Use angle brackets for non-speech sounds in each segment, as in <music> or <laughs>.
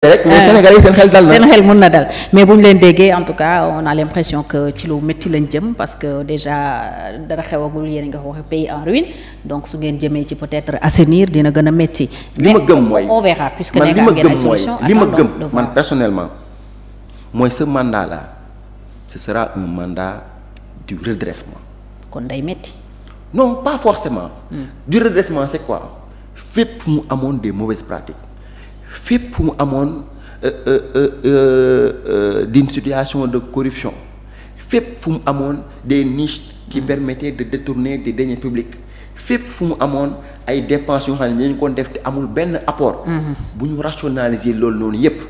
rek mais ah. Sénégal yi seen xel dal na seen xel mën na dal mais bu ñu leen déggee en tout cas on a l'impression que ci lu métti lañ jëm parce que déjà dara xewagul yéen nga wax pays en donc su ngeen jëmee ci peut-être dina gën a métti. li ma gëm mooy on verra puisque man li ma gëm mooy li ma gëm man kon day métti. non pas forcément. Hmm. du redressement c'est quoi fépp mu amoon des mauvaises pratiques. fépp fu mu amoon euh, euh, euh, d'une situation de corruption fépp fu mu amoon des niche qui permettaient de détourner des deniers publique fépp fu mu amoon ay dépenses yoo xam ne dañu kon def te amul benn apport. Mhm. bu ñu rationaliser loolu noonu yépp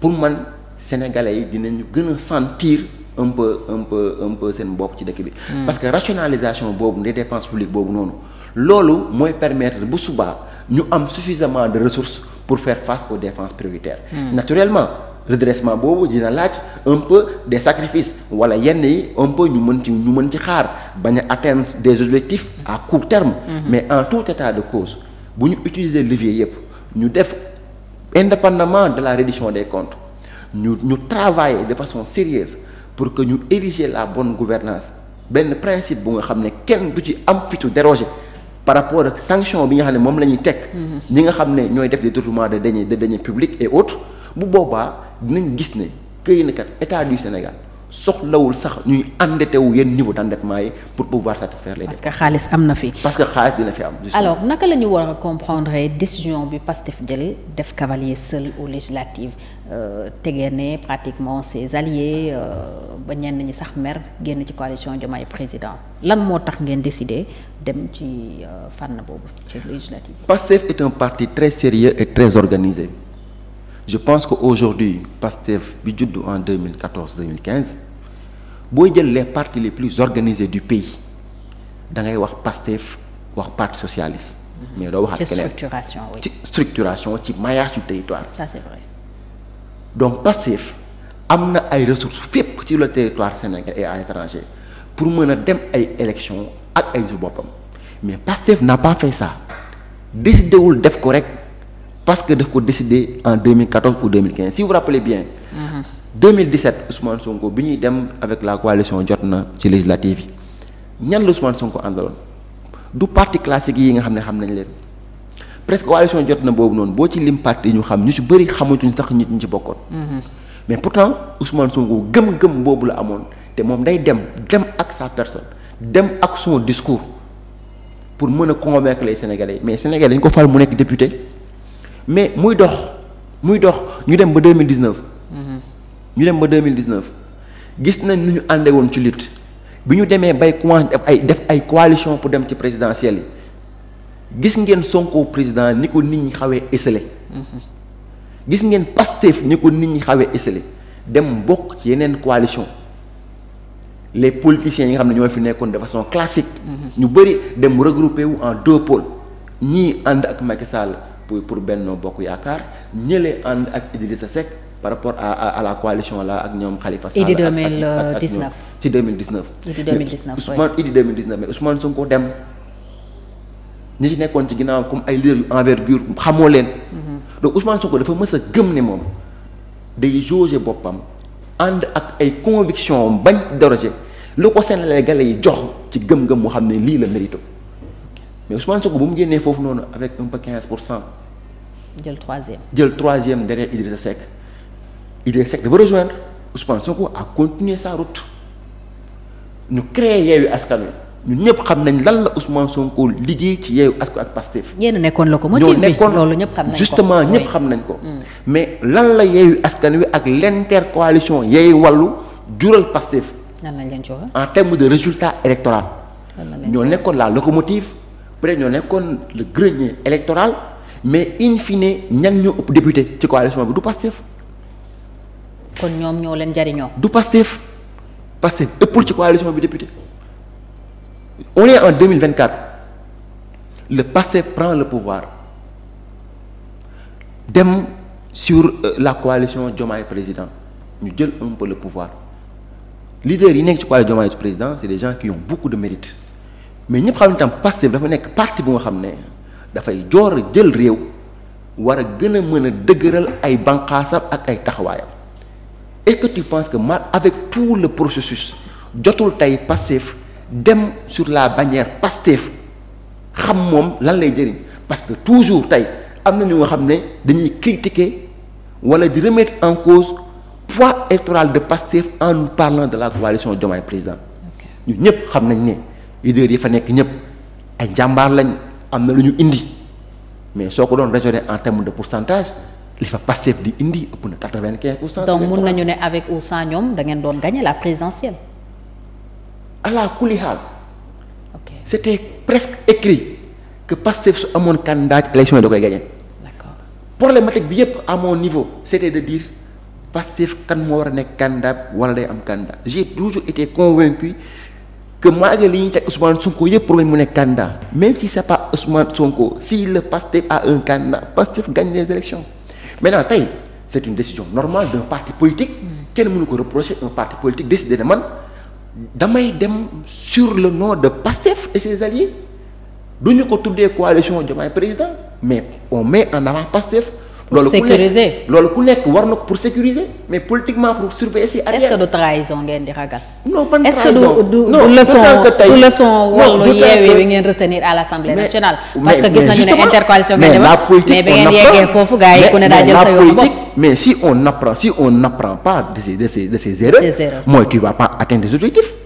pour man sénégalais yi dinañu gën a sentir un peu un seen bopp ci dëkk bi. Mhm. parce que rationalisation boobu des dépenses publiques boobu noonu loolu mooy permettre bu suba ñu am suffisamment de ressources. pour faire face aux dépenses prioritaires mmh. naturellement redressement boobu dina laaj un peu des sacrifices wala yenn yi un peu ñu mën ci ñu mën ci xaar bañ a atteindre des objectifs à court terme mhm. mais en tout état de cause bu ñu utiliser levier yëpp ñu def indépendamment de la reddition des comptes ñu ñu travailler de façon sérieuse pour que ñu ériger la bonne gouvernance benn principe bu nga xam ne kenn du ci am fitu déroger par rapport ak sanction bi nga xam ne moom la ñuy teg. ñi nga xam ne ñooy def des détournements de deniers de deniers publics et autres bu boobaa dinañ gis ne këy na kat état du Sénégal. soxlawul sax ñuy endetté wu yenn niveau daan endettement yi pour pouvoir satisfaire les. parce que xaalis am na parce que xaalis dina fi am. alors naka la ñu war a comprendre décision bi Pastef jël def cavalier seul aux législatives euh, tegee ne pratiquement ses alliés euh, ba ñenn ñi sax mer génn ci coalition Diomaye président lan moo tax ngeen décider dem ci euh, fànn boobu ci législative. Pastef est un parti très sérieux et très organisé. je pense que aujourd'hui PASTEF bi juddu en 2014 2015 booy jël les parti les plus organisés du pays da ngay wax PASTEF wax parti socialiste. Mhm. mais doo wax keneen ci structuration oui. ci structuration ci maillage du territoire. ça c'est vrai. donc PASTEF am na ay ressource fépp ci le territoire sénégal et à l'étranger pour mën a dem ay élections ak ay su boppam mais PASTEF n'a pas fait ça décidé wul def ko rek. parce que daf ko décider en 2014 ou 2015 si vous vous rappelez bien. Mmh. 2017 Ousmane Sonko bi ñuy dem avec la coalition jot na ci législative yi ñan la Ousmane Sonko àndaloon du parti classique yi nga xam ne xam nañ leen presque coalition jot na boobu noonu boo ci lim parti yi ñu xam ñu ci bëri xamatuñ sax nit ñi ci bokkoon. Mhm. mais pourtant Ousmane Sonko gëm-gëm boobu la amoon te moom day dem dem ak sa personne dem ak son discours pour mën a convaincre les Sénégalais mais Sénégalais dañ ko fal mu nekk député. mais muy dox muy dox ñu dem ba 2019. Mhm. ñu dem ba 2019 gis nañ nu ñu àndee woon ci lutte bi ñu demee bay commencé def ay def ay coalition pour dem ci présidentielle yi gis ngeen Sonko président ni ko nit ñi xawee esselé. Mhm. gis ngeen Pastef ni ko nit ñi xawee esselé dem bokk ci yeneen coalition les politiciens yi nga xam ne ñoo fi nekkoon de façon classique. Mhm. ñu bëri dem regrouper wu en deux pole ñii ànd ak Macky Sall. pour pour Benno Bokk Yaakaar ñële ànd ak Idrissa Seck par rapport à à, la coalition là ak ñoom Khalifa Sall. Idi 2019 ci 2019. Idi 2019 Ousmane Idi 2019 mais Ousmane Sonko dem ñi ci nekkoon ci ginnaaw comme ay leader envergure xamoo leen. Mhm. donc Ousmane Sonko dafa mës a gëm ne moom day jauger boppam ànd ak ay conviction bañ déroger lu ko Sénégalais yi jox ci gëm-gëm mu xam ne lii la mérito. mais Ousmane Sonko bu mu génnee foofu noonu avec un peu 15 pour cent. jël troisième jël troisième derrière Idrissa Seck Idrissa Seck dafa rejoindre Ousmane Sonko a continué sa route ñu créé Yewwi Askan Wi ñun ñëpp xam nañ lan la Ousmane Sonko liggéey ci Yewwi Askan ak Pastef. ñenn nekkoon locomotive bi loolu ñëpp xam nañ ko justement ñëpp xam nañ ko. Mm. mais lan la Yewwi Askan Wi ak l'intercoalition Yewwi Wallu jural Pastef. lan lañ leen joxe en termes de résultat électoral. ñoo nekkoon la locomotive. peut être ñoo nekkoon le grenier électoral mais in fine ñan ñoo ëpp député ci coalition bi du Pastef. kon ñoom ñoo leen jariñoo. du Pastef Pastef ëppul ci coalition bi député on est en 2024 le Pastef prend le pouvoir dem sur euh, la coalition Diomaye président ñu jël un peu le pouvoir leader yi nekk ci coalition Diomaye président c'est des gens qui ont beaucoup de mérite. mais ñëpp xam ne tam Pastef dafa nekk parti bu nga xam ne dafay joor a jël réew war a gën a mën a dëgëral ay banqaasam ak ay taxawaayam est-ce que tu penses que mal avec tout le processus jotul tey Pastef dem sur la bannière Pastef xam moom lan lay jëriñ parce que toujours tey am na ñu nga xam ne dañuy critiquer wala di remettre en cause poids électoral de Pastef en nous parlant de la coalition Diomaye Président ñun ñëpp xam nañ ne leaders yi fa nekk ñëpp ay jàmbaar lañ am na lu ñu indi mais soo ko doon raisonner en terme de pourcentage li fa Pastef di indi ëpp na quatre-vingt-quinze pour cent. donc mun nañu ne avec ou sans ñoom da ngeen doon gagner la présidentielle. ala kulli xaal. ok presque écrit que Pastef su amoon candidat élection yi da koy gagner. problématique bi yépp à mon niveau c'était de dire Pastef kan moo war a nekk candidat wala day am candidat j'ai toujours été convaincu. que malgré li ñu teg Ousmane Sonko yëpp problème mu nekk candidat même si c'est pas Ousmane Sonko si le Pastef a un candidat Pastef gagne les élections maintenant tey c'est une décision normale d'un parti politique kenn mënu ko reprocher un parti politique décidé na man damay dem sur le nom de Pastef et ses alliés duñu ko tuddee coalition Diomaye président mais on met en avant Pastef loolu ku loolu ku nekk war na ko pour sécuriser mais politiquement pour surveiller si arrière. est-ce que du trahison ngeen di ragal. est-ce que du du du leçon du leçon wàllu ngeen retenir à l'Assemblée nationale. parce que gis nañu ne intercoalition ngeen defoon mais bi ngeen yeggee foofu gars ku ne daa sa yoonu bopp. mais si on apprend si on n'apprend pas de ces de ces de ces tu vas pas atteindre des objectifs.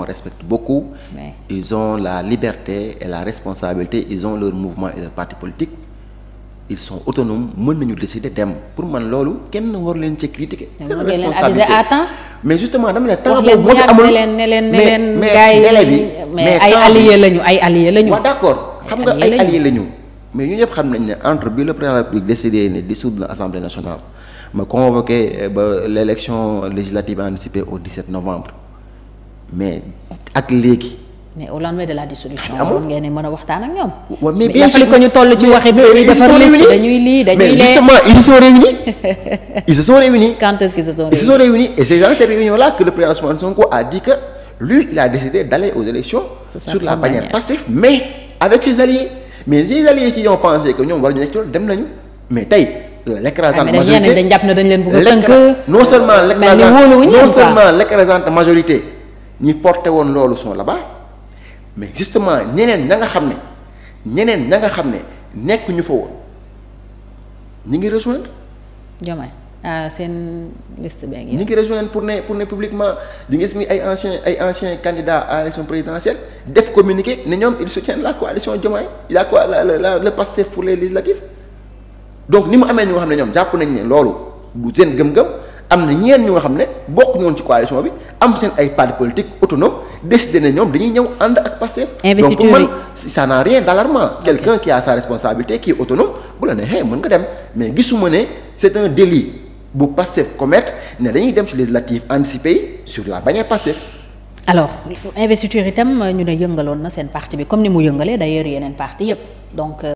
qu'on respecte beaucoup. Mais... ils ont la liberté et la responsabilité ils ont leur mouvement et leur parti politique ils sont autonomes mën nañu décider dem pour man loolu kenn war leen ci critiquer. seen responsabilité mais justement dama ne temps boobu moo fi leen ne leen ne leen ne leen mais ay alliés lañu ay alliés lañu. waaw d'accord xam nga ay alliés lañu. mais ñu ñëpp xam nañ ne entre bi le président de la République décidé ne dissoudre l'Assemblée nationale ma convoqué eh, ba l'élection législative anticipée au novembre mais ak léegi. mais au lendemain de la dissolution. amul ah ngeen mën a waxtaan ak ñoom. mais bien ko ñu toll ci waxi. dañuy defar liste dañuy lii dañuy mais justement ils se sont <laughs> se sont réunis. quand est-ce qu'ils se sont réunis ils se sont et c'est dans ces réunions-là que le président Ousmane Sonko a mais avec ses alliés mais ses alliés qui ont pensé que ñoom war nañu nekk dem nañu mais tey. Euh, l'écrasante ah, majorité dañ jàpp ne dañ leen bëgg a tënk non seulement l'écrasante non seulement l'écrasante ñi porté woon loolu sont là-bas mais justement ñeneen ña nga xam ne ñeneen ña nga xam ne nekk ñu fa woon ñu ngi rejoindre. Diomaye ah seen liste bee ngi. ñu ngi rejoindre pour ne pour ne publiquement di nga gis ni ay anciens ay anciens candidats à l'élection présidentielle def communiqué ne ñoom ils soutiennent la coalition Diomaye la quoi la la le Pastef pour les législatives donc ni mu amee ñu nga xam ne ñoom jàpp nañ ne loolu du seen gëm-gëm. am na ñeen ñu nga xam ne bokk ñu woon ci coalition bi am seen ay parti politique autonome décidé na ñoom dañuy ñëw ànd ak Pastef donc pour man ça n'a rien d'alarmant quelqu'un qui a sa responsabilité qui est autonome bu la neexee mën nga dem mais gisuma ne c'est un délit bu Pastef commettre ne dañuy dem ci législative anticipée yi sur la bannière Pastef alors investiture itam ñu ne yëngaloon na seen parti bi comme ni mu yëngalee d'ailleurs yeneen parti yëpp